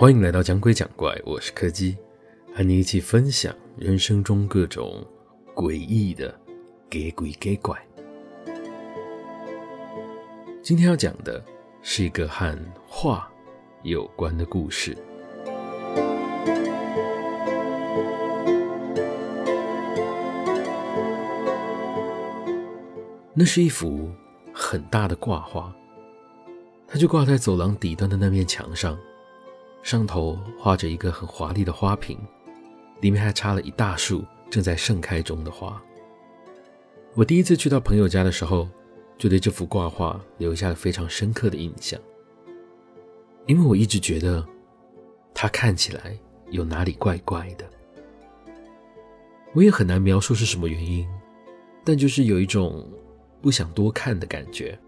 歡迎來到講鬼講怪，我是柯基，和你一起分享人生中各種詭異的給鬼給怪。今天要講的是一個和畫有關的故事。那是一幅很大的掛畫，它就掛在走廊底端的那面牆上。上頭畫着一個很華麗的花瓶，裡面還插了一大束正在盛開中的花。我第一次去到朋友家的時候，就對這幅掛畫留下了非常深刻的印象，因為我一直覺得它看起來有哪裡怪怪的。我也很難描述是什麼原因，但就是有一種不想多看的感覺。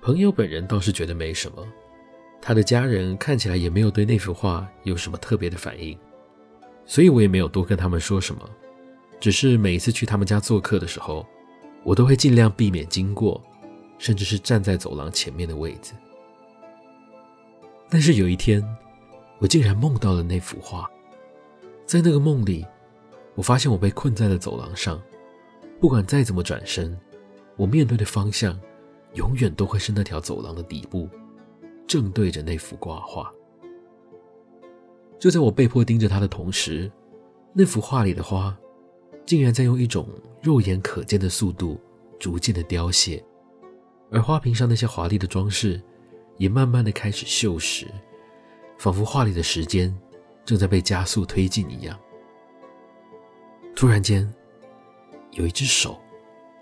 朋友本人倒是覺得沒什麼。他的家人看起來也沒有對那幅畫有什麼特別的反應，所以我也沒有多跟他們說什麼。只是每一次去他們家做客的時候，我都會盡量避免經過，甚至是站在走廊前面的位置。但是有一天，我竟然夢到了那幅畫。在那個夢裡，我發現我被困在了走廊上，不管再怎麼轉身，我面對的方向永遠都會是那條走廊的底部。正對着那幅掛畫。就在我被迫盯着它的同時，那幅畫裡的花，竟然在用一種肉眼可見的速度，逐漸的凋謝，而花瓶上那些華麗的裝飾，也慢慢的開始鏽蝕，仿佛畫裡的時間，正在被加速推進一樣。突然間，有一隻手，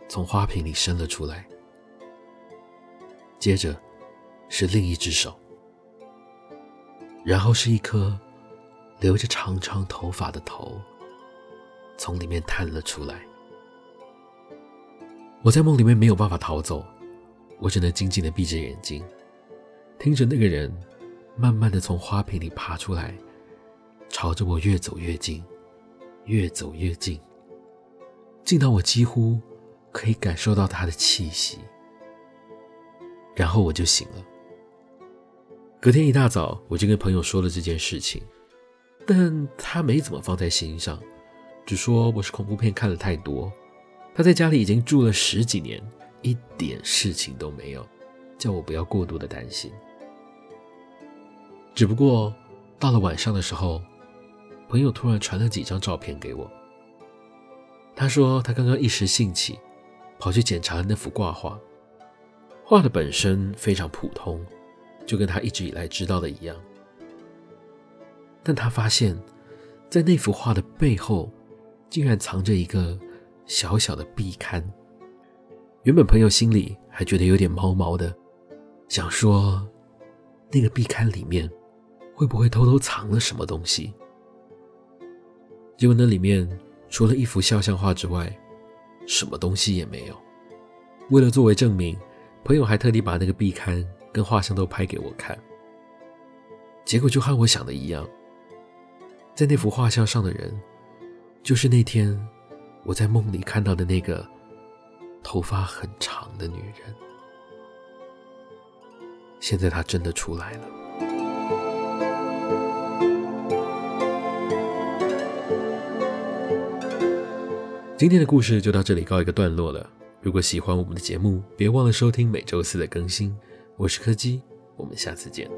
從花瓶裡伸了出來，接着，是另一隻手，然後是一顆留着長長頭髮的頭，從裡面探了出來。我在夢裡面沒有辦法逃走，我只能靜靜的閉着眼睛，聽着那個人慢慢的從花瓶裡爬出來，朝着我越走越近，越走越近，近到我幾乎可以感受到他的氣息。然後我就醒了。隔天一大早，我就跟朋友說了這件事情，但他沒怎麼放在心上，只說我是恐怖片看得太多。他在家裡已經住了十幾年，一點事情都沒有，叫我不要過度的擔心。只不過到了晚上的時候，朋友突然傳了幾張照片給我。他說他剛剛一時興起，跑去檢查了那幅掛畫，畫的本身非常普通。就跟他一直以來知道的一樣，但他發現，在那幅畫的背後，竟然藏着一個小小的壁龕。原本朋友心裡還覺得有點毛毛的，想說那個壁龕裡面會不會偷偷藏了什麼東西？結果那裡面除了一幅肖像畫之外，什麼東西也沒有。為了作為證明，朋友還特地把那個壁龕跟畫像都拍給我看，結果就和我想的一樣，在那幅畫像上的人，就是那天我在夢裡看到的那個頭髮很長的女人。現在她真的出來了。今天的故事就到這裡告一個段落了。如果喜歡我們的節目，別忘了收聽每週四的更新。我是柯基，我們下次見。